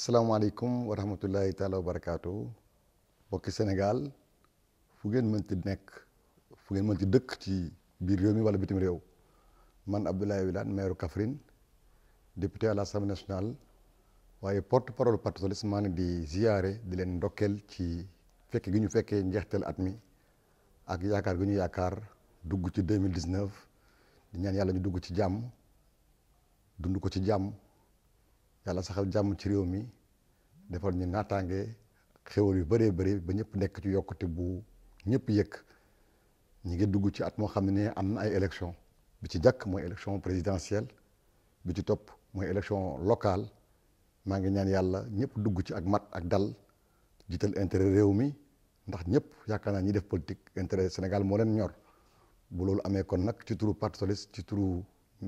asalaamaaleykum wa rahmatullahi taala wa barakaatu bokki senegal fu ngeen mënti nekk fu mën ci dëkk ci biir réew mi wala bitim réew man Abdoulaye Wilane maire Kaffrine député à l'Assemblée national waaye porte parole parti socialiste maa ngi di ziyaare di leen ndokkeel ci fekke gi ñu fekkee njeexteel at mi ak yaakaar gi ñu yaakaar dugg ci 2019 di ñaan yàlla ñu dugg ci jàmm dund ko ci jàmm yàlla saxal jàmm ci réew mi defal ñu naataange xéwal yu bëree bëri ba ñëpp nekk ci yokkute bu ñëpp yëkk ñi ngi dugg ci at moo xam ne am na ay élection bi ci jàkk mooy élection présidentielle bi ci topp mooy élection locale maa ngi ñaan yàlla ñëpp dugg ci ak mat ak dal jiital intérêt réew mi ndax ñëpp yaakaar naa ñi def politique intérêt Sénégal moo leen ñor bu loolu amee kon nag ci turu parti socialiste ci turu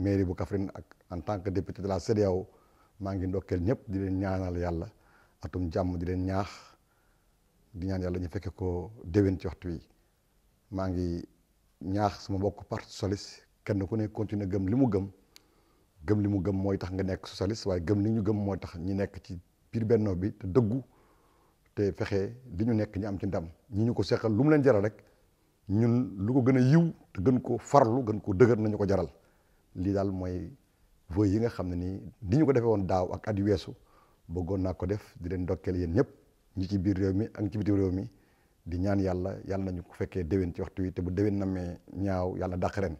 mairie bu Kaffrine ak en tant que député de la CEDEAO maa ngi ndokkeel ñëpp di leen ñaanal yàlla atum jàmm di leen ñaax di ñaan yàlla ñu fekkee ko déwén ci waxtu wi maa ngi ñaax suma mbokk part socialiste kenn ku ne continuer gëm li mu gëm gëm li mu gëm mooy tax nga nekk socialiste waaye gëm li ñu gëm mooy tax ñu nekk ci biir bennoo bi te dëggu te fexe li ñu nekk ñu am ci ndam ñi ñu ko seqal lu mu leen jaral rek ñun lu ko gën a yiw te gën ko farlu gën ko dëgër nañu ko jaral lii daal mooy voie yi nga xam ne ni ñu ko defee woon daaw ak at yu weesu bëggoon naa ko def di leen ndokkeel yéen ñëpp ñi ci biir réew mi ak ci réew mi di ñaan yàlla yàlla nañu ko fekkee déwén ci waxtu wi te bu déwén namee ñaaw yàlla dàq ren